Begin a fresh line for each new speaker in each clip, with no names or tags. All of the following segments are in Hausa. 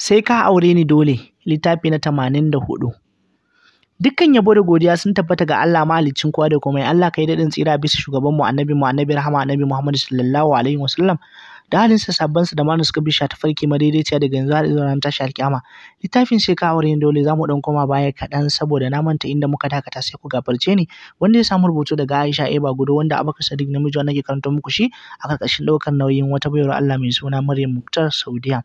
Sai ka aure ni dole, littafi na tamanin da hudu. Dukkan yabo da godiya sun tabbata ga Allah mahaliccin kowa da komai. Allah kai daɗin tsira bisa shugaban mu annabi mu annabi rahama annabi Muhammad sallallahu alaihi wasallam. Da halin sa sabban su da mana suka bi ta farki madaidaiciya daga yanzu har zuwa ranar tashi alkiyama. Littafin sai ka aure ni dole zamu dan koma baya kaɗan saboda na manta inda muka dakata sai ku gafarce ni. Wanda ya samu rubutu daga Aisha Eba Gudo wanda Abubakar Sadiq namiji nake karanta muku shi a karkashin ɗaukar nauyin wata bayar Allah mai suna Maryam Muktar Saudiya.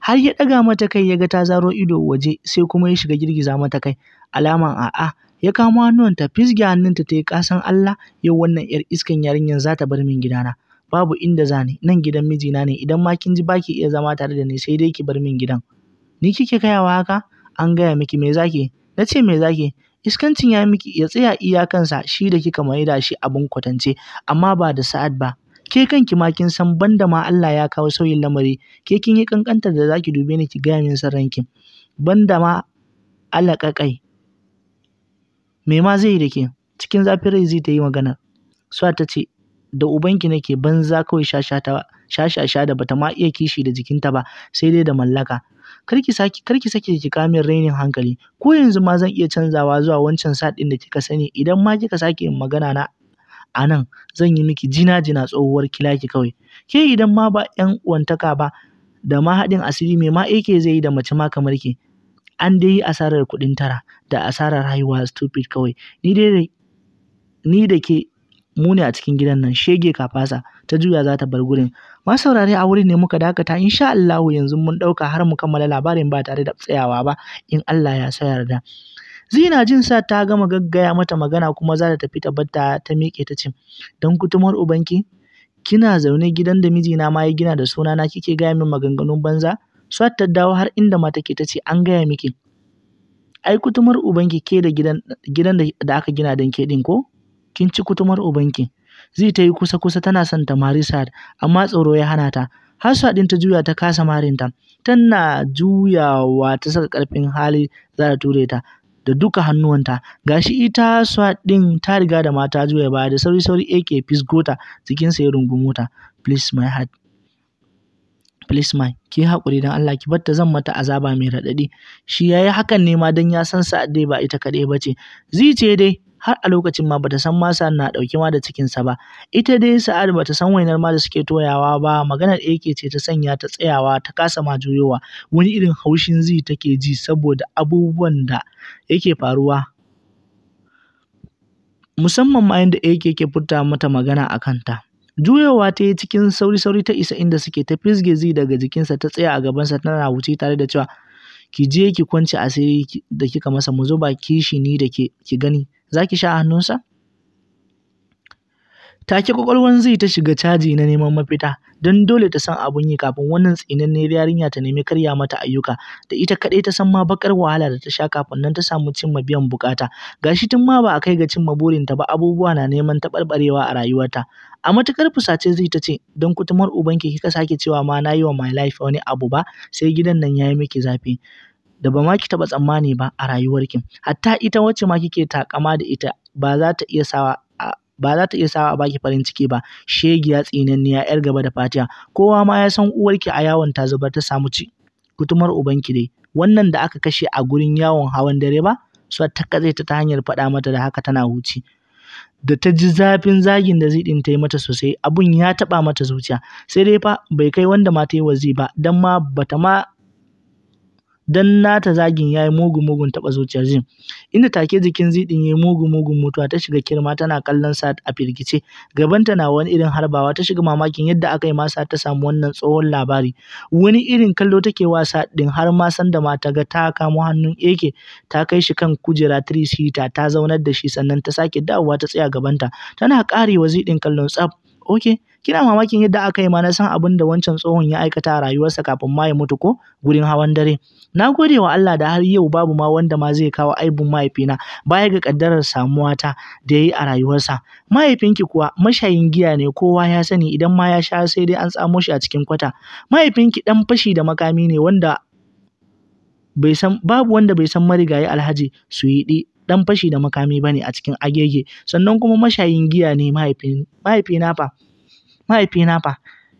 har ya ɗaga mata kai ya ga ta zaro ido waje sai kuma ya shiga girgiza mata kai alaman a'a ya kamo hannuwanta fisge hannunta ta yi ƙasan Allah yau wannan yar iskan yarinyar za ta bar min gidana babu inda za ni nan gidan mijina ne idan ma kin ji ba ki iya zama tare da ni sai dai ki bar min gidan ni kike kayawa haka an gaya miki me zaki na ce me zaki iskancin ya miki ya tsaya iyakansa shi da kika maida shi abin kwatance amma ba da sa'ad ba ke kanki ma kin san banda ma Allah ya kawo sauyin lamari ke kin yi kankantar da zaki dube ni ki gaya min ranki banda ma alaƙaƙai me ma zai yi da ke cikin zafin rai zai ta yi magana suwa ta ce da ubanki nake banza kawai sha da bata ma iya kishi da jikinta ba sai dai da mallaka karki saki karki sake ki kamin rainin hankali ko yanzu ma zan iya canzawa zuwa wancan sa din da kika sani idan ma kika sake magana na a nan zan yi miki jina jina tsohuwar kilaki kawai ke idan ma ba yan uwantaka ba da ma haɗin asiri mai ma yake zai yi da mace ma kamar ki an dai yi asarar kuɗin tara da asarar haihuwa stupid kawai ni dai ni da ke mu ne a cikin gidan nan shege kafasa ta juya za ta bar gurin ma saurare a wurin ne muka dakata insha Allah yanzu mun ɗauka har mu kammala labarin ba tare da tsayawa ba in Allah ya sa yarda Zai na jin sa ta gama gaggaya mata magana kuma za ta tafi ta batta ta miƙe ta ce, don kutumar ubanki, kina zaune gidan da mijina ma ya gina da sunana kike gaya min maganganun banza? Su ta dawo har inda mata ke ta ce an gaya miki. Ai kutumar ubanki ke da gidan, da aka gina don ke ɗin ko? Kin ci kutumar ubanki. Zai ta yi kusa-kusa tana son ta mari sad amma tsoro ya hana ta. Har ɗin ta juya ta kasa marinta. Tana juyawa ta saka ƙarfin hali za ta ture ta. da duka hannuwanta. Gashi ita Swat din ta riga da mata juya baya da sauri-sauri ake fisgota cikin sai jikinsa ya rungumo ta. Please my heart. Please my, ki haƙuri don Allah ki batta zan mata azaba mai raɗaɗi. Shi yayi hakan ne ma don ya san sa dai ba ita kaɗai bace zice dai har a lokacin ma bata san masa na ɗauke ma da sa ba. Ita dai sa'ad bata san wainar ma da suke toyawa ba, maganar 'yake ce ta sanya ta tsayawa ta kasa ma juyowa. Wani irin haushin zi take ji saboda abubuwan da yake faruwa. Musamman ma yadda 'yake ke furta mata magana a kanta. Juyowa ta yi cikin sauri-sauri ta isa inda suke ta fisge zi daga jikinsa ta tsaya a gabansa tana wuce tare da cewa ki je ki kwance asiri da kika masa mu zo ba kishi ni da ke ki gani. za ki sha hannunsa? Take ƙwaƙwalwar zai ta shiga caji na neman mafita don dole ta san abun yi kafin wannan tsinanniyar yarinya ta nemi karya mata ayyuka da ita kaɗai ta san ma bakar wahala da ta sha kafin nan ta samu cimma biyan bukata gashi tun ma ba a kai ga cimma burinta ba abubuwa na neman taɓarɓarewa a rayuwarta a matukar fusace zai ta ce don kutumar ubanki kika sake cewa ma na yi wa my life wani abu ba sai gidan nan ya yi miki zafi da ba ma ki taɓa tsammani ba a rayuwarki. Hatta ita wacce ma kike taƙama da ita ba za ta iya sawa ba za ta iya sawa a baki farin ciki ba. Shegiya tsinanniya 'yar gaba da fatiya. Kowa ma ya san uwarki a yawon ta zubar ta samu ci. Kutumar ubanki dai. Wannan da aka kashe a gurin yawon hawan dare ba? so ta katse ta hanyar faɗa mata da haka tana huci. Da ta ji zafin zagin da zai ɗin ta yi mata sosai, abun ya taɓa mata zuciya. Sai dai fa bai kai wanda ma ta yi wa ba, don ma bata ma dan nata zagin yayi yi mugu mugun taɓa zuciyar Jim. Inda take jikin zidin ya yi mugu mugun mutuwa ta shiga kirma tana kallon sa a firgice. Gabanta na wani irin harbawa ta shiga mamakin yadda aka yi sa ta samu wannan tsohon labari. Wani irin kallo take wasa ɗin har ma san da mata ga ta kamo hannun Eke ta kai shi kan kujera three sita ta zaunar da shi sannan ta sake dawowa ta tsaya gabanta. Tana karewa zidin kallon tsaf. Okay, Kina mamakin yadda aka yi ma na san abin da wancan tsohon ya aikata a rayuwarsa kafin ma ya mutu ko gurin hawan dare. Na gode wa Allah da har yau babu ma wanda ma zai kawo aibun mahaifina baya ga kaddarar samuwa ta da ya yi a rayuwarsa. Mahaifinki kuwa mashayin giya ne kowa ya sani idan ma ya sha sai dai an tsamo shi a cikin kwata. Mahaifinki ɗan fashi da makami ne wanda bai san babu wanda bai san marigayi Alhaji su yi Suyiɗi ɗan fashi da makami bane a cikin agege sannan kuma mashayin giya ne mahaifina fa. mahaifina fa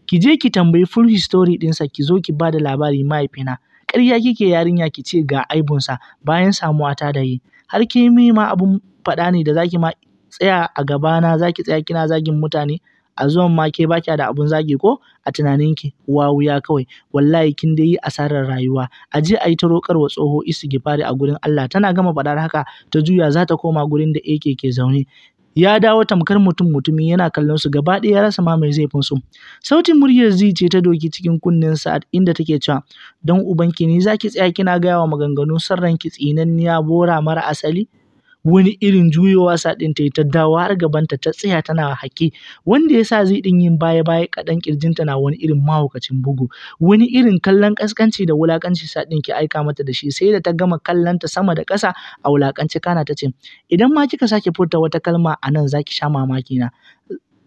ki je ki tambayi full history ɗinsa ki zo ki bada labari mahaifina ƙarya kike yarinya ki ce ga aibunsa bayan samuwa ta da yi har ki yi ma abun faɗa ne da zaki ma tsaya a gabana zaki tsaya kina zagin mutane a zuwan ma ke baki da abun zagi ko a tunaninki wa wuya kawai wallahi kin dai yi asarar rayuwa a je a yi ta roƙar wa tsoho fari a gurin Allah tana gama faɗar haka ta juya za ta koma gurin da yake ke zaune ya dawo tamkar mutum mutumi yana kallon su gaba ɗaya ya rasa ma mai zaifin su sautin muryar zai ce ta doki cikin kunnen sa inda take cewa don ubanki ni zaki tsaya kina gaya wa maganganu sarran ki tsinanniya bora mara asali wani irin juyowa saɗin ta yi ta dawo har gabanta ta tsaya tana hake wanda ya sa zai ɗin yin baya baya kaɗan ta na wani irin mahaukacin bugu wani irin kallon ƙasƙanci da wulaƙanci saɗin ki aika mata da shi sai da ta gama kallon ta sama da ƙasa a wulaƙance kana ta ce idan ma kika sake furta wata kalma a nan zaki sha mamaki na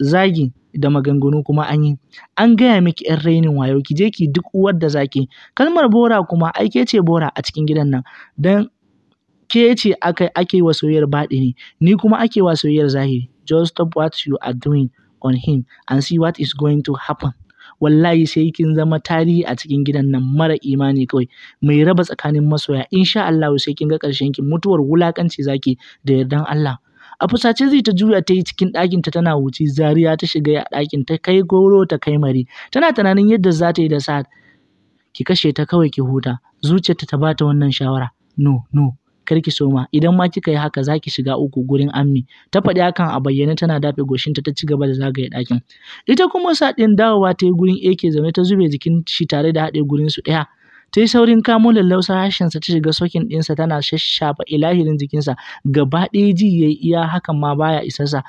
zagi da maganganu kuma anyi, an gaya miki yan rainin wayo ki je ki duk uwar da zaki kalmar bora kuma aike ce bora a cikin gidan nan dan ke ce aka ake wa soyayyar baɗini, ni kuma ake wa soyayyar zahiri. Just stop what you are doing on him and see what is going to happen. Wallahi sai kin zama tarihi a cikin gidan nan mara imani kawai mai raba tsakanin masoya insha Allah sai kin ga ƙarshen ki mutuwar wulakanci zaki da yardan Allah. A fusace zai ta juya ta yi cikin ɗakinta tana wuce zariya ta shiga a ɗakin ta kai goro ta kai mari tana tunanin yadda za ta yi da sa ki kashe ta kawai ki huta zuciyarta ta bata wannan shawara no no kar ki soma idan ma kika yi haka za ki shiga uku gurin ammi ta faɗi hakan a bayyane tana dafe goshinta ta ci gaba da zagaye ɗakin ita kuma sa ɗin dawowa ta yi gurin ake zaune ta zube jikin shi tare da haɗe gurin su ɗaya ta yi saurin kamo lallausar sa ta shiga sokin ɗinsa tana shashafa ilahirin jikinsa gaba ɗaya ji ya yi iya hakan ma baya isarsa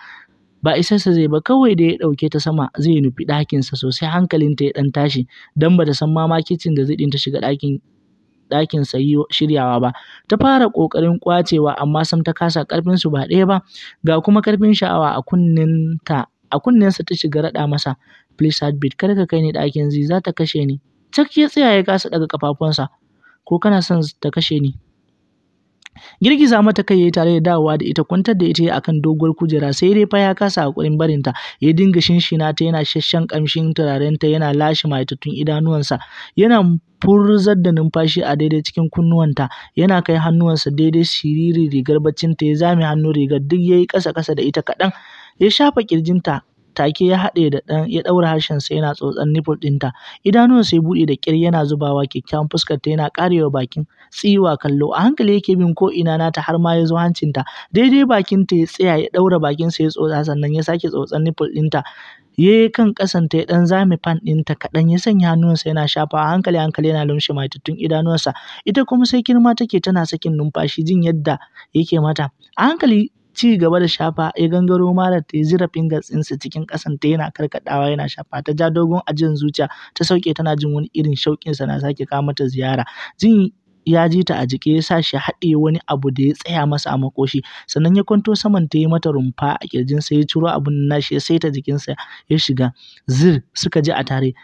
ba isarsa zai ba kawai da ya ɗauke ta sama zai nufi ɗakinsa sosai hankalin ta ya ɗan tashi don ba ta san ma kicin da zai ta shiga ɗakin yi shiryawa ba. Ta fara ƙoƙarin ƙwacewa amma sam ta kasa su ba ɗaya ba, ga kuma ƙarfin sha'awa a ta, A sa ta shiga raɗa masa, Please heartbeat, kar ka kai ni ɗakin zi, za ta kashe ni. Cak ya tsaya ya kasa ɗaga ƙafafunsa, ko kana son ta kashe ni? girgiza mata kai yayi tare da dawowa da ita kwantar da ita akan doguwar kujera sai dai fa ya kasa hakurin barinta ya dinga shinshina ta yana shashan kamshin turarenta yana lashe maitattun idanuwansa yana furzar da numfashi a daidai cikin kunnuwanta yana kai hannuwansa daidai siriri rigar baccinta ya zame hannu rigar duk yayi kasa kasa da ita kaɗan ya shafa kirjinta take ya haɗe da ɗan ya ɗaura harshen sai yana tsotsar nipple ɗinta idanuwan sai buɗe da ƙyar yana zubawa kyakkyawan ta yana ƙarewa bakin tsiwa kallo a hankali yake bin ko ina nata har ma ya zo hancinta daidai bakinta ya tsaya ya ɗaura bakinsa ya tsotsa sannan ya sake tsotsar nipple ɗinta ya yi kan ƙasan ta ya ɗan zame fan ɗinta kaɗan ya sanya hannuwansa yana shafa a hankali hankali yana lumshe matattun idanuwansa ita kuma sai girma take tana sakin numfashi jin yadda yake mata a hankali ci gaba da shafa ya gangaro mara ta zira fingers ɗinsa cikin ƙasan ta yana karkadawa yana shafa ta ja dogon ajiyar zuciya ta sauke tana jin wani irin shauƙinsa na sake kawo mata ziyara jin ya ji ta a jike ya sa shi haɗe wani abu da ya tsaya masa a makoshi sannan ya kwanto saman ta yi mata rumfa a kirjinsa ya ciro abun nashi ya saita jikinsa ya shiga zir suka ji a tare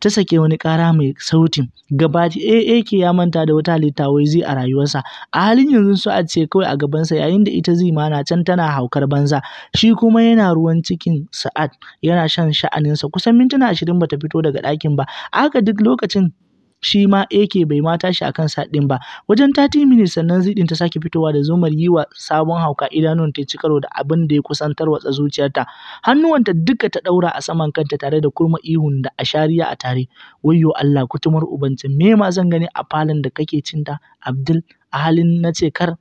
ta sake wani ƙara mai sautin gabaji eh, ke ya manta da wata halitta wai zai a rayuwarsa a halin yanzu su a ce kawai a gabansa yayin da ita zai mana can tana haukar banza shi kuma yana ruwan cikin sa'ad yana shan sha'aninsa kusan mintuna ashirin bata fito daga ɗakin ba a haka duk lokacin shi ma AK bai ma tashi akan kan saɗin ba. Wajen 30 minutes sannan zidin ta sake fitowa da zomar yi wa sabon hauka idanun ta ci karo da abin da ya kusantar tarwatsa zuciyarta. Hannuwanta duka ta ɗaura a saman kanta tare da kurma ihun da ashariya a tare. Wayyo Allah kutumar ubancin me ma zan gani a falon da kake cinta Abdul a halin na ce kar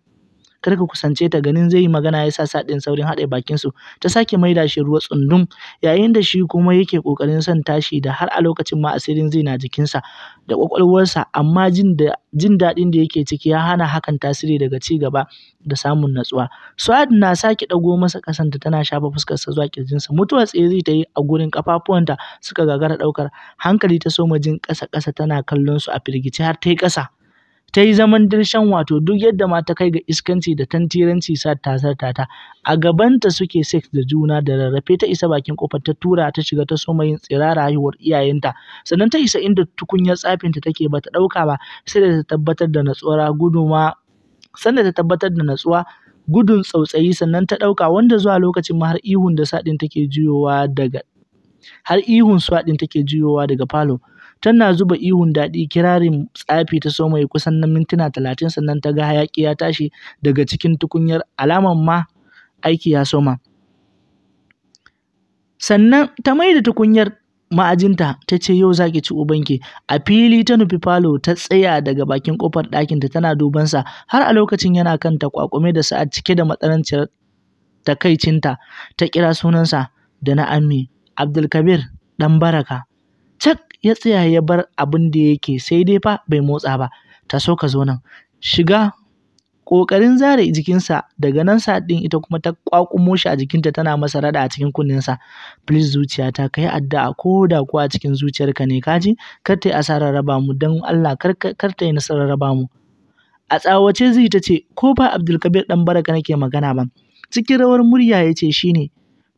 kar ka kusance ta ganin zai yi magana ya sa sadin saurin haɗe bakin su ta sake maida shi ruwa tsundum yayin da shi kuma yake kokarin son tashi da har a lokacin ma asirin zai na jikinsa da kwakwalwarsa amma jin da jin daɗin da yake ciki ya hana hakan tasiri daga ci gaba da samun natsuwa. Suad na sake ɗago masa ƙasanta tana shafa fuskar sa zuwa ƙirjinsa mutuwar tsaye zai ta yi a gurin ƙafafuwanta suka gagara ɗaukar hankali ta soma jin ƙasa-ƙasa tana kallon su a firgice har ta yi ƙasa. ta yi zaman dirshan wato duk yadda ma ta kai ga iskanci da tantiranci sa ta sarta ta a gabanta suke sex da juna da rarrafe ta isa bakin kofar ta tura ta shiga ta soma yin tsirara haihuwar iyayenta sannan ta isa inda tukunyar tsafinta take bata dauka ba sai da ta tabbatar da natsuwa guduma sannan ta tabbatar da natsuwa gudun tsautsayi sannan ta ɗauka wanda zuwa lokacin ma har ihun da saɗin take juyowa daga har ihun swaɗin take juyowa daga falo Tana zuba ihun daɗi, kirarin tsafi ta so mai kusan na mintuna talatin sannan ta ga hayaƙi ya tashi daga cikin tukunyar alaman ma aiki ya soma. Sannan ta mai da tukunyar ma'ajinta ta ce yau za ki ci ubanki a fili ta nufi falo ta tsaya daga bakin kofar ɗakinta tana dubansa har a lokacin yana kan ta kwakume da sa'ad cike da matsananciyar takaicinta ta kira sunansa da na ammi abdulkabir dan baraka cak ya tsaya ya bar abin da yake sai dai fa bai motsa ba Ta so ka zo nan shiga ƙoƙarin zare jikinsa daga nan sa ɗin ita kuma ta ƙwaƙumo shi a jikinta tana masa raɗa a cikin kunninsa please zuciyata ka yi addu'a ko da kuwa a cikin zuciyarka ne kaji kar ta yi asarar raba mu don Allah kar ta yi nasarar raba mu a tsawace zai ta ce ko ba Abdulkabir ɗan baraka nake magana ba cikin rawar murya ya ce shine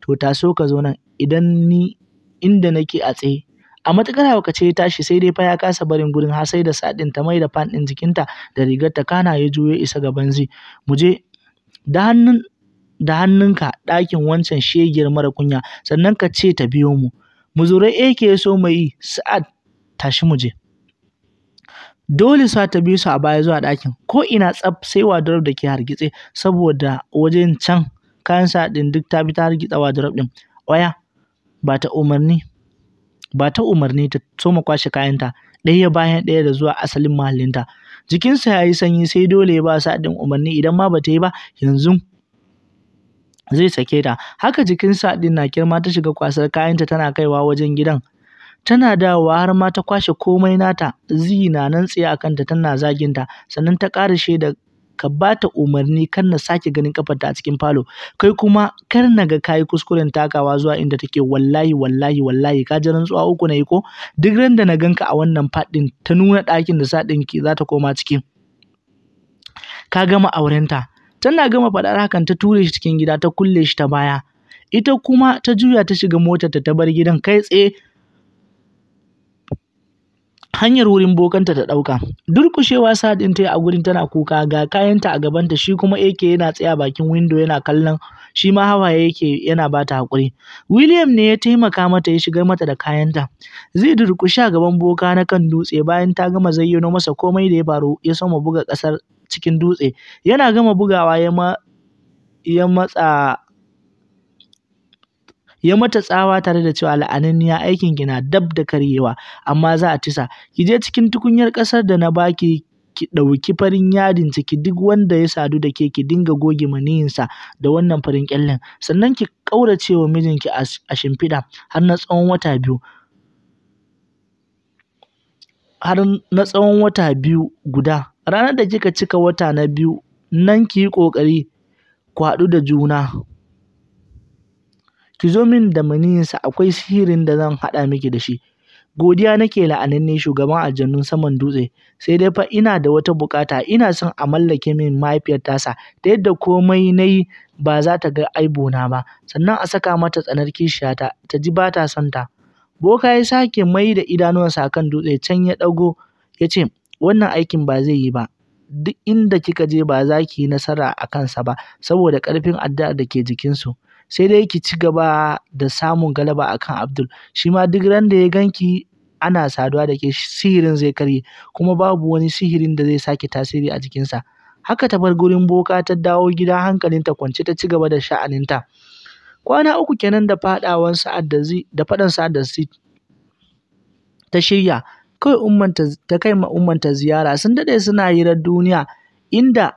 to ta so ka zo nan idan ni inda nake a tsaye A matukar haukace ya tashi sai dai fa ya kasa barin gurin har sai da sadin ta mai da fan ɗin jikinta da rigar ta kana ya juyo isa gaban zi. Mu je da hannun da hannunka ɗakin wancan shegiyar mara kunya sannan ka ce ta biyo mu. Mu Muzurai ake so mai sa'ad tashi mu je. dole sa ta bi su a baya zuwa ɗakin ko ina tsaf sai wardrobe da ke hargitse saboda wajen can kayan sa ɗin duk ta bi ta hargitsa wardrobe ɗin waya ba ta umarni ba ta umarni ta soma kwashe kayanta ɗaya bayan ɗaya da zuwa asalin mahallinta. Jikinsa ya yi sanyi sai dole ya ba sa ɗin umarni idan ma ba ta yi ba yanzu zai sake ta. Haka jikinsa ɗin na kirma ta shiga kwasar kayanta tana kaiwa wajen gidan. Tana dawowa har ma ta kwashe komai nata, zina, nan tsaye a kanta tana zaginta, sannan ta ƙara da ka ba ta umarni kar na sake ganin kafarta a cikin falo kai kuma kar na ga kayi kuskuren takawa zuwa inda take wallahi wallahi wallahi ka ji rantsuwa uku na yi ko duk ran da na ganka a wannan faɗin ta nuna ɗakin da sa ɗinki za ta koma ciki ka gama aurenta tana gama faɗar hakan ta ture shi cikin gida ta kulle shi ta baya ita kuma ta juya ta shiga motar ta bar gidan kai tsaye hanyar wurin bokanta ta ɗauka. Durƙushewa ɗin ta yi a gurin tana kuka ga kayanta a gabanta shi kuma AK yana tsaya bakin windo yana kallon shi ma hawaye yake yana bata ta haƙuri. William ne ya taimaka mata ya shigar mata da kayanta. Zai durkushe a gaban boka na kan dutse bayan ta gama zayyano masa komai da ya faru ya soma buga ƙasar cikin dutse. Yana gama bugawa ya matsa ya mata tsawa tare da cewa la'ananniya aikin ki na dab da karyewa amma za a tisa ki je cikin tukunyar ƙasar da na baki ki ɗauki farin yadin ciki duk wanda ya sadu da ke ki dinga goge maniyinsa da wannan farin ƙyallen sannan ki ƙaurace wa mijinki a shimfiɗa har na tsawon wata biyu har na tsawon wata biyu guda ranar da kika cika wata na biyu nan ki yi ƙoƙari ku haɗu da juna ki zo min da maniyinsa akwai sihirin da zan haɗa miki da shi. Godiya nake la'ananne shugaban aljannun saman dutse, sai dai fa ina da wata bukata, ina son a mallake min mahaifiyar tasa ta yadda komai na yi ba za ta ga aibona ba, sannan a saka mata tsanar kishiyata ta ji ba ta son ta. Boka ya sake mai da idanuwansa kan dutse can ya ɗago ya ce, wannan aikin ba zai yi ba, duk inda kika je ba za ki yi nasara a kansa ba saboda ƙarfin addu'ar da ke jikinsu. sai dai ki ci gaba da samun galaba akan Abdul shi ma duk ran da ya ganki ana saduwa da ke sihirin zai karye kuma babu wani sihirin da zai sake tasiri a jikinsa. Haka ta bar gurin boka ta dawo gida hankalinta kwance ta ci gaba da sha'aninta. Kwana uku kenan da fadawan sa'ad da da faɗan sa'ad da ta shirya kai ummanta ta kai ma ummanta ziyara sun daɗe suna hirar duniya inda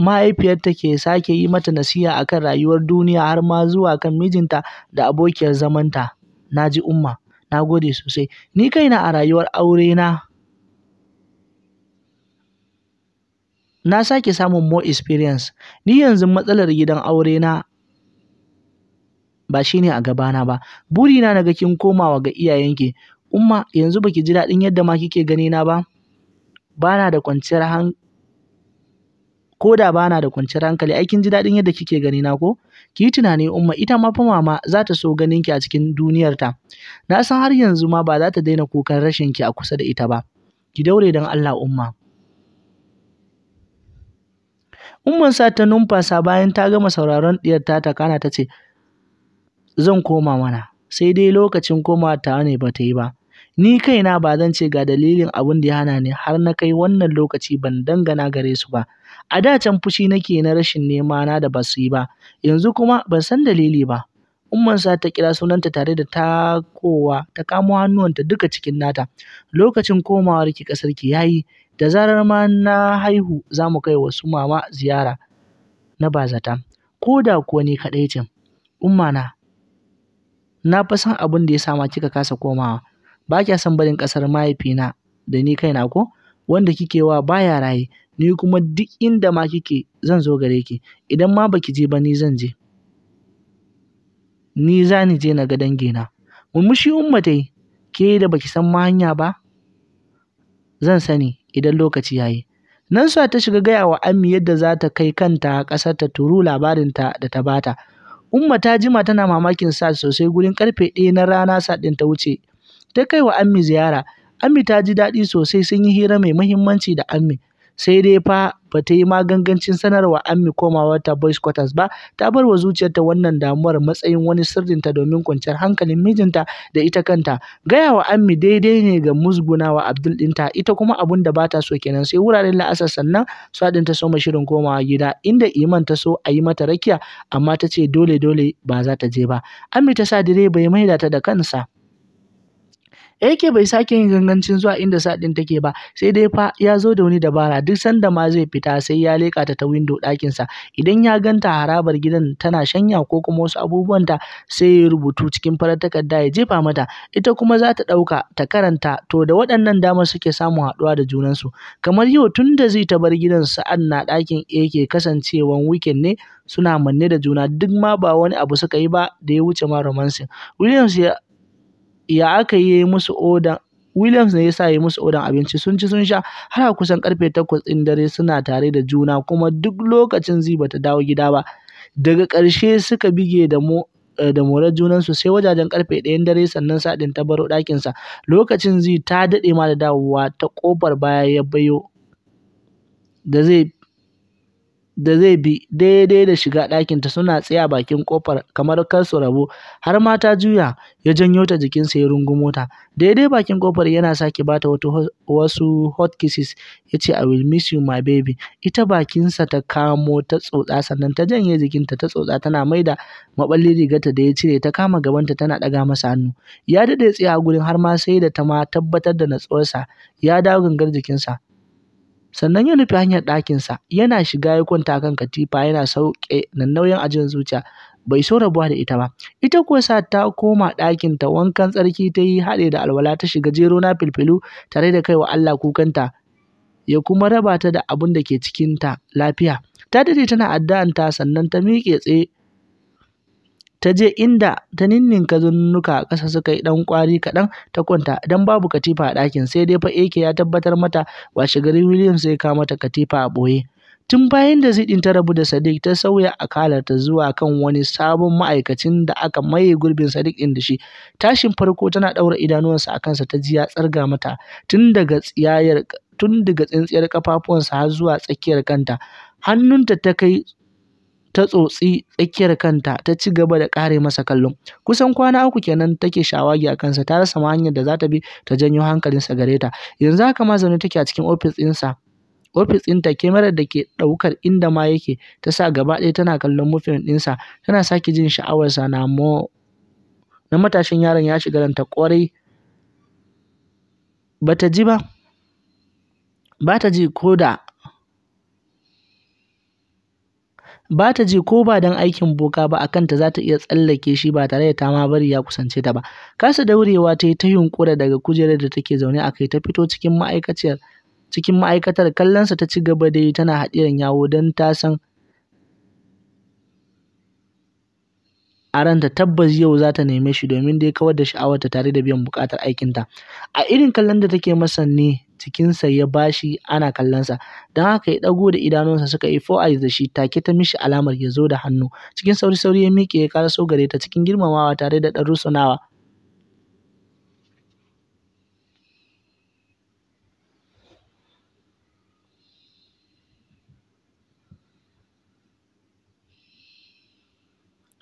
mahaifiyarta ke sake yi mata nasiha a kan rayuwar duniya har ma zuwa kan mijinta da abokiyar zamanta. Na ji Umma, na gode sosai. Ni kaina a rayuwar aure na Na sake samun more experience. Ni yanzu matsalar gidan aure na ba shine ne a gabana ba. Burina na ga kin komawa ga iyayenki. Umma, yanzu baki ji daɗin yadda ma kike gani na Ba Bana da kwanciyar hankali. ko da bana da kwanciyar hankali ai kin ji daɗin yadda kike gani na ko ki yi tunani umma ita ma fa mama za ta so ganin ki a cikin duniyar ta na san har yanzu ma ba za ta daina kukan rashin ki a kusa da ita ba ki daure don Allah umma Umman sa ta numfasa bayan ta gama sauraron diyar ta ta kana ta ce zan koma mana sai dai lokacin komawa ta ne ba ta yi ba ni kaina ba zan ce ga dalilin abin da ya hana ni har na kai wannan lokaci ban dangana gare su ba A da can fushi nake na rashin nema na da ba yi ba, yanzu kuma ban san dalili ba. Ummansa ta kira sunanta tare da takowa ta kamo hannuwanta duka cikin nata. Lokacin ki kasar ki yayi da zarar ma na haihu za mu kai wasu mama ziyara na bazata, ko da kuwa ni kaɗai ce. Ummana, na fa san abin da ya sa kika kasa komawa. Ba kya son barin ƙasar mahaifina da ni kaina ko? Wanda kike wa baya raye, ni kuma duk inda ma kike zan zo gare ki. Idan ma baki je ba ni zan je. Ni za ni je na ga dangina. Murmushi Umma ta ke da baki san ma hanya ba? Zan sani idan lokaci ya yi. sa ta shiga gaya wa Ammi yadda za ta kai kanta ƙasar ta turu labarinta da ta bata. Umma ta jima tana mamakin sa sosai gurin ƙarfe ɗaya na rana sa ɗin ta wuce. Ta kai wa Ammi ziyara. Ammi ta ji daɗi sosai sun yi hira mai muhimmanci da Ammi. sai dai fa ba ta yi magangancin sanarwa Ammi komawa ta boys quarters ba, ta bar wa zuciyarta wannan damuwar matsayin wani sirrinta domin kwanciyar hankalin mijinta da ita kanta. Gaya wa Ammi daidai ne ga musgunawa Abdul ɗinta, ita kuma abun da bata so kenan sai wuraren la'asar sannan Swadin ta soma shirin komawa gida inda Iman ta so a yi mata rakiya amma ta ce dole dole ba za ta je ba. Ammi ta sa direba ya maida ta da kansa. ke bai sake yin gangancin zuwa inda ɗin take ba, sai dai fa ya zo da wani dabara duk sanda ma zai fita sai ya leƙa ta ta window ɗakinsa. Idan ya ganta harabar gidan tana shanya ko kuma wasu abubuwan ta sai ya rubutu cikin farar takarda ya jefa mata, ita kuma za ta ɗauka ta karanta to da waɗannan damar suke samun haɗuwa da junansu. Kamar yau tun da zai ta bar gidan sa'ad na ɗakin ke kasancewan wikin ne suna manne da juna duk ma ba wani abu suka yi ba da ya wuce ma romansin, Williams ya ya aka yi musu odan Williams ne ya sa ya musu odan abinci sun ci sun sha har kusan karfe takwas ɗin dare suna tare da juna kuma duk lokacin zai bata dawo gida ba daga ƙarshe suka bige da mu eh, da morar junansu sai wajajen karfe ɗayan dare sannan saɗin ta baro ɗakinsa lokacin zai ta daɗe ma da dawowa ta ƙofar baya ya bayo da zai da zai bi daidai da shiga ɗakinta suna tsaya bakin ƙofar kamar kar su rabu har ma ta juya ya janyo ta jikinsa ya rungumo ta daidai bakin ƙofar yana sake bata wata wasu hot kisses ya ce I will miss you my baby ita bakinsa ta kamo ta tsotsa sannan ta janye jikinta ta tsotsa tana mai da maɓallin rigarta da ya cire ta kama gabanta tana ɗaga masa hannu ya dade tsaye a gurin har ma sai da ta ma tabbatar da natsuwarsa ya dawo gangar jikinsa Sannan ya nufi hanyar ɗakinsa, yana shiga ya kwanta kan katifa yana sauke nauyin ajiyar zuciya. Bai so rabuwa da ita ba. Ita kuwa sa ta koma ɗakinta wankan tsarki ta yi haɗe da alwala ta shiga jero na filfilu tare da kaiwa Allah kukanta ya kuma raba ta da abin da ke cikinta lafiya. Ta dade tana addu'anta sannan ta miƙe tsaye ta je inda ta ninninka zunnuka ƙasa suka yi ɗan ƙwari kaɗan ta kwanta don babu katifa a ɗakin sai dai fa eke ya tabbatar mata washe gari William sai ka mata katifa a ɓoye. Tun bayan da zidin ta rabu da Sadiq ta sauya akalarta zuwa kan wani sabon ma'aikacin da aka maye gurbin Sadiq ɗin da shi. Tashin farko tana ɗaura idanuwansa a kansa ta ji ya tsarga mata tun daga tsiyayar tun daga tsintsiyar kafafuwansa har zuwa tsakiyar kanta. Hannunta ta kai ta tsotsi tsakiyar kanta ta ci gaba da ƙare masa kallon. kusan kwana uku kenan take shawagi a kansa ta rasa ma hanyar da za ta bi ta janyo hankalinsa gare ta yanzu haka ma zaune take a cikin ofis ɗinsa ofis ɗinta kyamarar da ke ɗaukar inda ma yake ta sa gaba ɗaya tana kallon mufin ɗinsa tana sake jin sha'awarsa na mo na matashin yaron ya shiga ranta ƙwarai bata ji ba ta ji ko da ba ta ji ko ba don aikin boka ba a kanta za ta iya tsallake shi ba tare da ta ma bari ya kusance ta ba kasa daurewa ta yi ta yunkura daga kujerar da take zaune a kai ta fito cikin ma'aikaciyar cikin ma'aikatar kallonsa ta ci gaba da yi tana haɗiyar yawo don ta san a ranta tabbas yau za ta neme shi domin dai kawar da sha'awarta tare da biyan buƙatar aikinta a irin kallon da take masa ne jikinsa ya bashi ana kallonsa don haka ya ɗago da idanunsa suka yi four eyes da shi take ta mishi alamar ya zo da hannu cikin sauri sauri ya miƙe ya karaso gare ta cikin girmamawa tare da ɗan rusunawa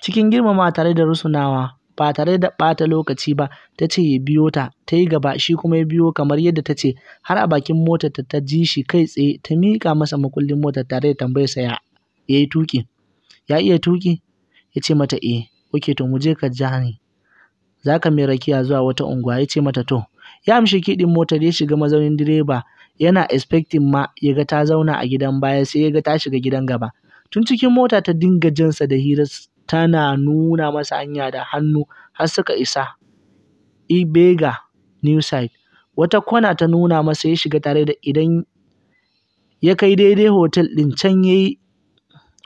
cikin girmama tare da rusunawa ba tare da ɓata lokaci ba ta ce ya biyo ta ta yi gaba shi kuma ya biyo kamar yadda ta ce har a bakin motar ta ta ji shi kai tsaye ta miƙa masa makullin motar tare da tambayarsa ya yi tuki. ya iya tuki? ya ce mata eh oke to mu je ka ja ni za ka mai rakiya zuwa wata unguwa ya ce mata to ya amshi kiɗin motar ya shiga mazaunin direba yana expecting ma ya ga ta zauna a gidan baya sai ya ga ta shiga gidan gaba tun cikin mota ta dinga jinsa da hirar tana nuna masa hanya da hannu har suka isa Ibega New Site. Wata kwana ta nuna masa ya shiga tare da idan ya kai daidai hotel din can ya yi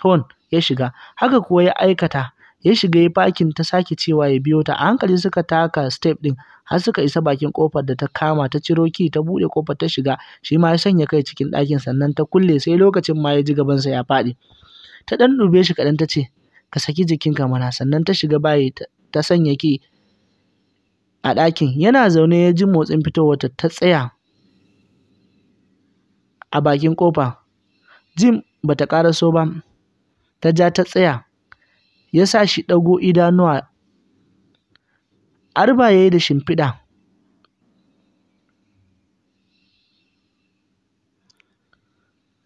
hon ya shiga. Haka kuwa ya aikata, ya shiga ya fakin ta sake cewa ya biyo ta. A hankali suka taka step ɗin har suka isa bakin ƙofar da ta kama ta ciro ki ta buɗe kofar ta shiga. Shi ma ya sanya kai cikin ɗakin sannan ta kulle sai lokacin ma ya ji gabansa ya faɗi. Ta ɗan dube shi kaɗan ta ce, ka saki jikinka mana sannan ta shiga bayi ta sanya ki a ɗakin yana zaune ya ji motsin fitowarta ta tsaya a bakin ƙofa jim bata ƙaraso ba ta ja ta tsaya ya sa shi ɗago idanuwa arba ya da shimfiɗa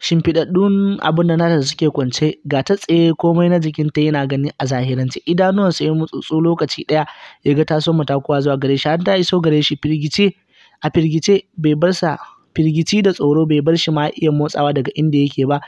shimfiɗaɗɗun abin da nata suke kwance ga ta tsaye komai na jikinta yana gani a zahirance idanuwansa ya mutsutsu lokaci ɗaya ya ga ta soma takuwa zuwa gare shi har ta iso gare shi firgice a firgice bai bar sa firgici da tsoro bai bar shi ma iya motsawa daga inda yake ba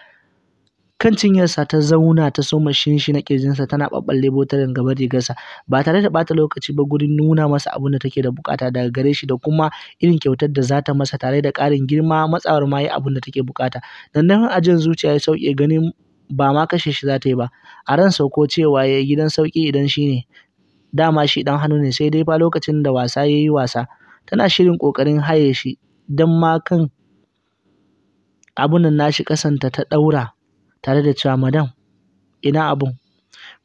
kan cinyarsa ta zauna ta soma na ƙirjinsa tana ɓaɓɓalle botarin gaban rigarsa ba tare da bata lokaci ba gurin nuna masa abin da take da bukata daga gare shi da kuma irin kyautar da zata masa tare da ƙarin girma matsawar ma yi abin da take buƙata. Dandanon ajiyar zuciya ya sauke ganin ba ma kashe shi za ta yi ba a ran sauko, cewa ya gidan sauki idan shi ne dama shi dan hannu ne sai dai fa lokacin da wasa ya yi wasa tana shirin ƙoƙarin haye shi don ma kan abun nan nashi kasanta ta ɗaura tare da cewa madam ina abun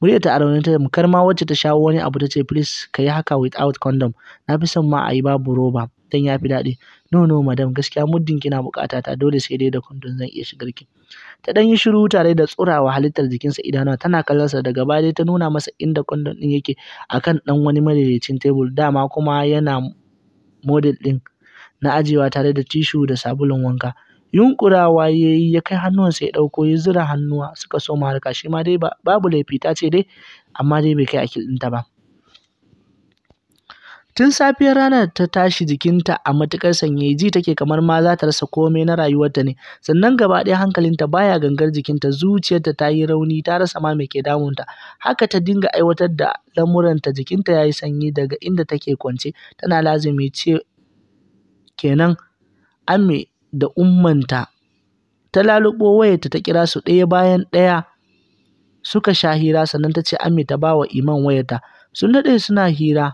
muryar ta a ta ma wacce ta shawo wani abu ta ce please ka yi haka without condom na fi son ma a yi babu roba dan ya fi daɗi no no madam gaskiya muddin kina bukata ta dole sai dai da condom zan iya shigar ki ta dan yi shiru tare da tsurawa halittar jikinsa idanuwa tana kallon sa daga baya ta nuna masa inda condom din yake akan dan wani madaidaicin tebur dama kuma yana model din na ajiyewa tare da tishu da sabulun wanka Yunƙura ya yi ya kai hannuwansa ya ɗauko ya zura hannuwa suka soma harka shi ma dai babu laifi ta ce dai amma dai bai kai akil ɗinta ba. Tun safiyar ranar ta tashi jikinta a matuƙar sanye ji take kamar ma za ta rasa komai na rayuwarta ne sannan gaba ɗaya hankalinta baya gangar jikinta zuciyarta ta yi rauni ta rasa ma me ke damunta haka ta dinga aiwatar da lamuranta jikinta ya yi sanyi daga inda take kwance tana lazumi ce kenan amme da ummanta ta lalubo wayarta ta kira su ɗaya bayan ɗaya suka sha hira sannan ta ce ami ta ba wa iman wayarta sun daɗe suna hira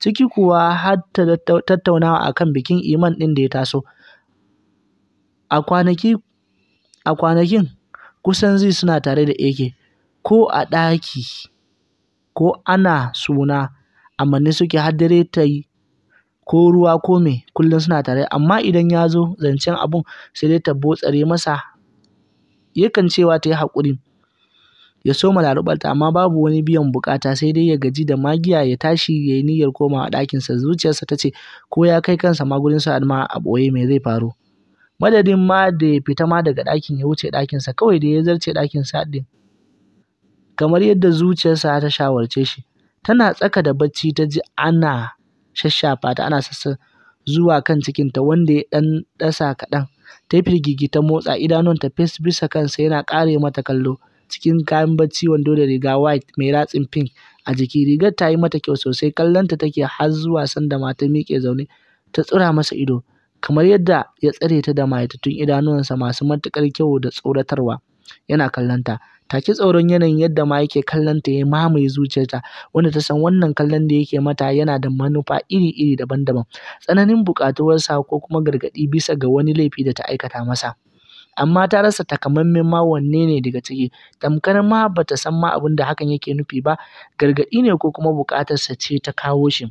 ciki kuwa har ta tattaunawa akan bikin iman ɗin da ya taso a kwanakin kusan zai suna tare da eke ko a ɗaki ko ana suna ne suke har dare ta yi ko ruwa ko me kullum suna tare. Amma idan ya zo zancen abun sai dai ta botsare masa, yakan cewa ta yi haƙuri, ya soma laluɓarta amma babu wani biyan bukata sai dai ya gaji da magiya ya tashi ya yi niyyar komawa ɗakinsa. Zuciyarsa ta ce ko ya kai kansa ma gurin Sa'ad ma a me zai faru. Madadin ma da ya fita ma daga ɗakin ya wuce ɗakinsa kawai da ya zarce ɗakinsa ɗin kamar yadda zuciyarsa ta shawarce shi. Tana tsaka da bacci ta ji ana shashafa ta ana sassa zuwa kan cikinta wanda ya ɗan ɗasa kaɗan. Ta yi firgigi ta motsa idanunta fes bisa kansa yana kare mata kallo cikin kayan bacci wando da riga white mai ratsin pink a jiki. Rigar ta yi mata kyau sosai kallonta take har zuwa sanda ma miƙe zaune ta tsura masa ido kamar yadda ya tsare ta da mayatattun idanunsa masu matuƙar kyau da tsoratarwa yana kallonta. Ta ki tsoron yanayin yadda ma yake kallon ta ya mamaye zuciyarta wanda ta san wannan kallon da yake mata yana da manufa iri-iri daban-daban. Tsananin buƙatuwarsa ko kuma gargaɗi bisa ga wani laifi da ta aikata masa. Amma ta rasa takamaiman ma wanne ne daga ciki, tamkar ma bata san ma abin da hakan yake nufi ba, gargaɗi ne ko kuma buƙatarsa ce ta kawo shi.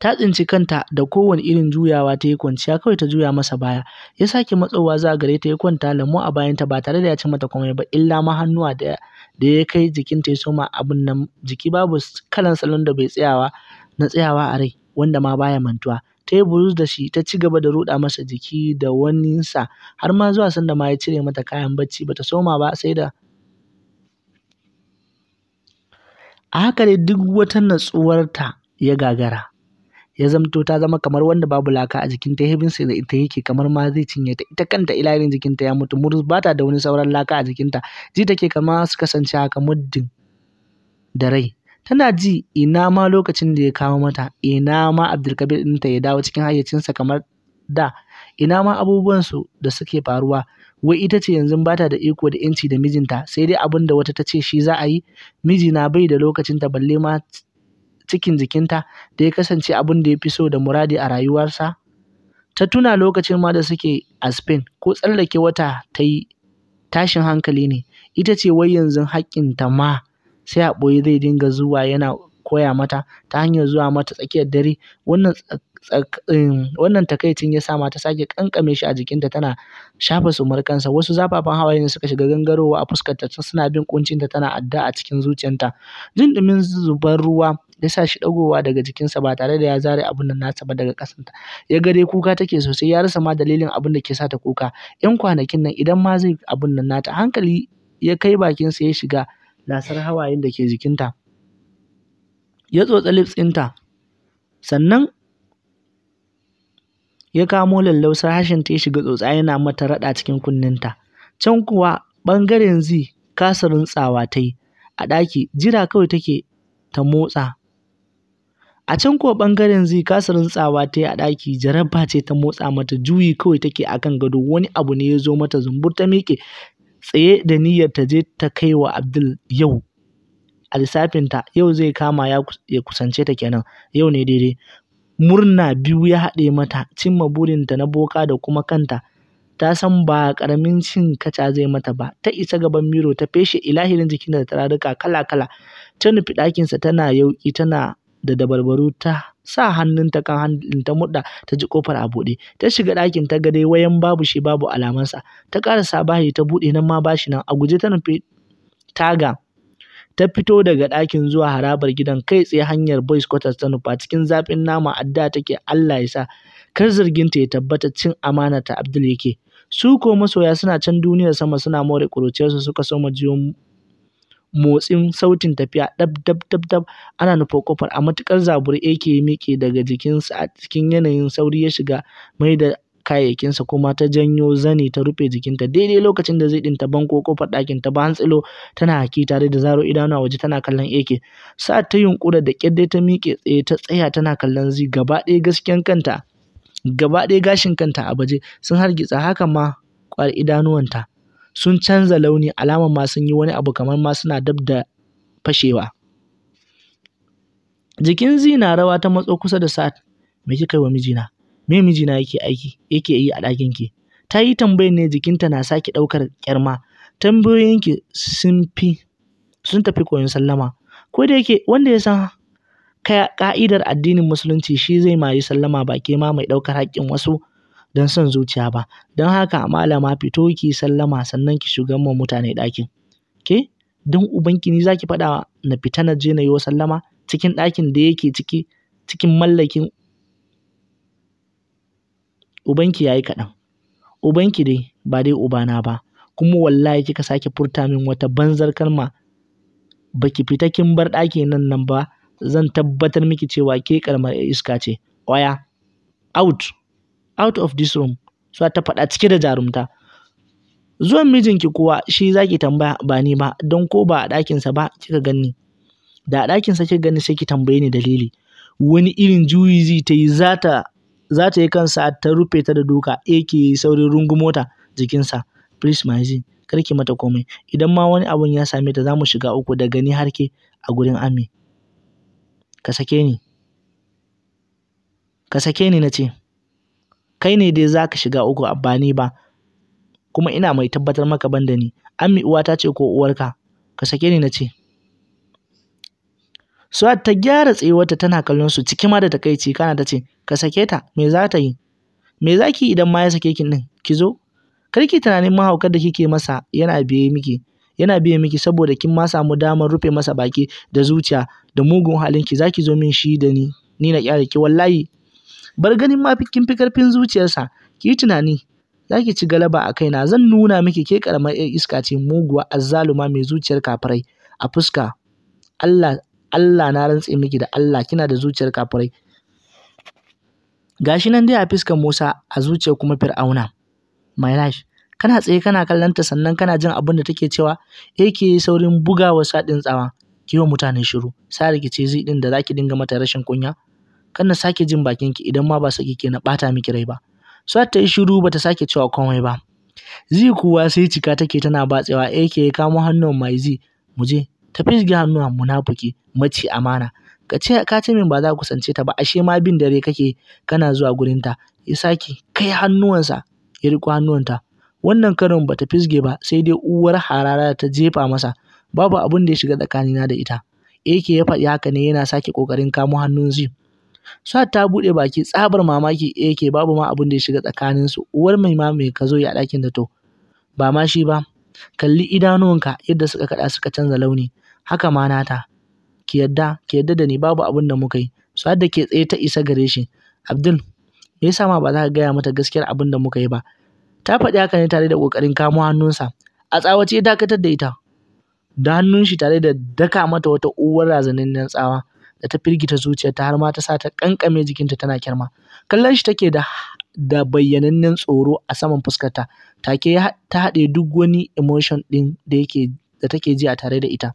ta tsinci kanta da kowane irin juyawa ta yi kwanciya kawai ta juya masa baya ya sake matsowa za a gare ta ya kwanta lamu a bayanta ba tare da ya ci mata komai ba illa ma hannuwa da ya kai jikinta ya soma abin nan jiki babu kalan salon da bai tsayawa na tsayawa a rai wanda ma baya mantuwa ta yi buruz da shi ta ci gaba da ruɗa masa jiki da waninsa har ma zuwa sanda ma ya cire mata kayan bacci bata soma ba sai da a haka dai duk wata natsuwarta ya gagara ya zamto ta zama kamar wanda babu laka a jikinta ya hebinsa da ita yake kamar ma zai cinye ta ita kanta ilarin jikinta ya mutu murus ba ta da wani sauran laka a jikinta ji take kama su kasance haka muddin da rai tana ji ina ma lokacin da ya kawo mata ina ma abdulkabir ɗinta ya dawo cikin hayyacinsa kamar da ina ma abubuwansu da suke faruwa wai ita ce yanzu ba ta da iko da yanci da mijinta sai dai abin da wata ta ce shi za a yi mijina bai da lokacinta balle ma cikin jikinta da ya kasance abin da ya fi so da muradi a rayuwarsa? Ta tuna lokacin ma da suke a Spain ko tsallake wata ta yi tashin hankali ne, ita ce wai yanzu haƙƙinta ma sai a ɓoye zai dinga zuwa yana koya mata ta hanyar zuwa mata tsakiyar dare wannan um, takaicin ya sa mata sake kankame shi a jikinta tana shafa sumarkansa wasu zafafan hawaye ne suka shiga gangarowa a fuskarta suna bin kuncinta tana adda a cikin zuciyarta jin dumin zubar ruwa ya sa shi ɗagowa daga jikinsa ba tare da ya zare abun nan nasa ba daga ta. Ya ga dai kuka take sosai ya rasa ma dalilin abun da ke sa ta kuka. ‘Yan kwanakin nan idan ma zai abun nan nata hankali ya kai bakin sa ya shiga lasar hawayen da ke jikinta. Ya tsotse lips sannan ya kamo lallausar harshen ta ya shiga tsotsa yana mata raɗa cikin kunninta. Can kuwa ɓangaren zi kasa rintsawa ta yi a ɗaki jira kawai take ta motsa A can kuwa bangaren zai kasa rantsawa ta yi a ɗaki, jaraba ce ta motsa mata, juyi kawai take a kan gado, wani abu ne ya zo mata zumbur ta miƙe tsaye da niyyar ta je ta kai wa Abdul yau. A lissafinta yau zai kama ya kusance ta kenan, yau ne daidai. Murna biyu ya haɗe mata, cimma burinta na boka da kuma kanta. ta san ba ƙaramin cin kaca zai mata ba ta isa gaban miro ta feshe ilahirin jikinta da turaruka kala-kala ta nufi ɗakinsa tana yauƙi tana da dabarbaru ta sa hannunta kan handlin ta muda, ta ji kofar a buɗe ta shiga ɗakin ta ga dai wayan babu shi babu alamansa ta ƙarasa sabahi ta buɗe nan ma bashi nan a guje ta nufi taga ta fito daga ɗakin zuwa harabar gidan kai tsaye hanyar boys quarters ta nufa cikin zafin nama adda take Allah ya sa kar zarginta ya tabbata cin amana ta Abdul yake su ko masoya suna can duniyar sama suna more ƙuruciyarsu suka so mu jiyo motsin sautin tafiya dab dab dab dab ana nufa ƙofar a matukar zaburi AK ya miƙe daga jikinsa a cikin yanayin sauri ya shiga mai da kayayyakinsa kuma ta janyo zani ta rufe jikinta daidai lokacin da zai ɗinta banko kofar ɗakin ta tsilo tana haki tare da zaro idanu a waje tana kallon AK sa'ad ta yunkura da ƙyadda ta miƙe tsaye ta tsaya tana kallon zi gaba ɗaya gaskiyan kanta gaba ɗaya gashin kanta a baje sun hargitsa haka ma kwar idanuwanta sun canza launi alamar ma sun yi wani abu kamar ma suna dab da fashewa jikin zina rawa ta matso kusa da sat me kika yi wa mijina me mijina yake aiki yake yi a ɗakin ki ta yi tambayar ne jikinta na sake ɗaukar kyarma tambayoyinki sun fi sun tafi koyon sallama ko da yake wanda ya san ka'idar addinin musulunci shi zai mayi sallama ba ke ma mai ɗaukar haƙƙin wasu don son zuciya ba. Don haka malama fito ki sallama sannan ki shigan ma mutane ɗakin. Ke? Don ubanki ni za ki faɗa na fita na je na yi sallama cikin ɗakin da yake ciki cikin mallakin ubanki yayi kaɗan. Ubanki dai ba dai uba na ba kuma wallahi kika sake furta min wata banzar kalma baki fita kin bar ɗakin nan nan ba zan tabbatar miki cewa ke karamar iska ce. Oya out. out of this room so ta faɗa cike da jarumta zuwan mijinki kuwa shi zaki tambaya ba ni ba don ko ba a ɗakinsa ba kika ganni da a ɗakinsa kika gani sai ki tambaye ni dalili wani irin juyi zai ta yi za ta yi kansa ta rufe ta da doka. eh ki saurin rungumota jikinsa please my kar ki mata komai idan ma wani abun ya same ta zamu shiga uku da gani har ke a gurin ami ka sake ni ka sake ni na ce kai ne dai za ka shiga uku ba ni ba kuma ina mai tabbatar maka ban da ni ammi uwata ce ko uwarka ka sake ni na ce ta gyara tsayuwarta tana kallon su ciki ma da takaici kana ta ce ka sake ta me za ta yi me za ki idan ma ya sake ki din ki zo karki tunanin mahaukar da kike masa yana biye miki yana biye miki saboda kin ma samu damar rufe masa baki da zuciya da mugun halin ki zaki zo min shi da ni ni na kyale ki wallahi bar ganin ma kin fi karfin zuciyarsa ki yi tunani za ki ci galaba a kaina zan nuna miki ke ƙaramar 'yar iska ce muguwa azzaluma mai zuciyar kafirai a fuska Allah Allah na rantse miki da Allah kina da zuciyar kafirai gashi nan dai a fuskar Musa a zuciyar kuma Fir'auna my Lash kana tsaye kana kallon ta sannan kana jin abin da take cewa eh saurin bugawa sadin tsawa ki wa mutane shiru sa rikice zai din da zaki dinga mata rashin kunya Kar na sake jin bakin ki idan ma ba saki ke na bata miki rai ba. so ta yi shiru ba ta sake cewa komai ba. Zi kuwa sai cika take tana batsewa ake ya kamo hannun Mai Zi mu je ta fisge hannuwan munafuki mace amana. Ka ce ka ce min ba za ku sance ta ba ashe ma bin dare kake kana zuwa gurin ta. Ya saki kai hannuwansa ya riƙo hannuwanta. Wannan karon bata fisge ba sai dai uwar harara da ta jefa masa. Babu abin da ya shiga tsakanina da ita. ake ya faɗi haka ne yana sake ƙoƙarin kamo hannun Zi. Swat ta buɗe baki tsabar mamaki yake babu ma abin da ya shiga tsakanin su Uwar mai ma mai ka zo ya ɗakin ta to. Ba ma shi ba. Kalli idanuwanka yadda suka kaɗa suka canza launi. Haka ma nata. Ki yadda, ki yadda da ni babu abin da muka yi. Swat da ke tsaye ta isa gare shi. Abdul, me yasa ma ba za ka gaya mata gaskiyar abin da muka yi ba? Ta faɗi haka ne tare da ƙoƙarin kamo hannunsa. A tsawace ya dakatar da ita. Da hannun shi tare da daka mata wata uwar nan tsawa. da ta firgita zuciyarta har ma ta sa ta kankame jikinta tana kirma kallon shi take da da bayyanannen tsoro a saman fuskarta take ta haɗe duk wani emotion ɗin da yake da take ji a tare da ita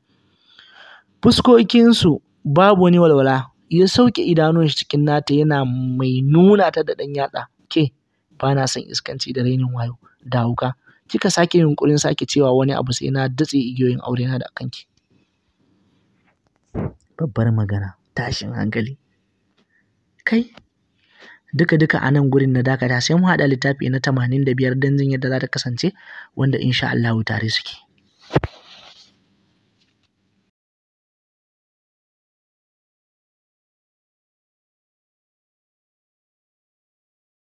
fuskokinsu babu wani walwala ya sauke idanun shi cikin nata yana mai nuna ta da ɗan yatsa ke ba na son iskanci da rainin wayo da hauka kika sake yunkurin sake cewa wani abu sai na datse igiyoyin aure na da kanki babbar magana tashin hankali kai duka duka a nan gurin na dakata sai mu haɗa littafi na tamanin 85 don jin yadda za ta kasance wanda insha Allah tare suke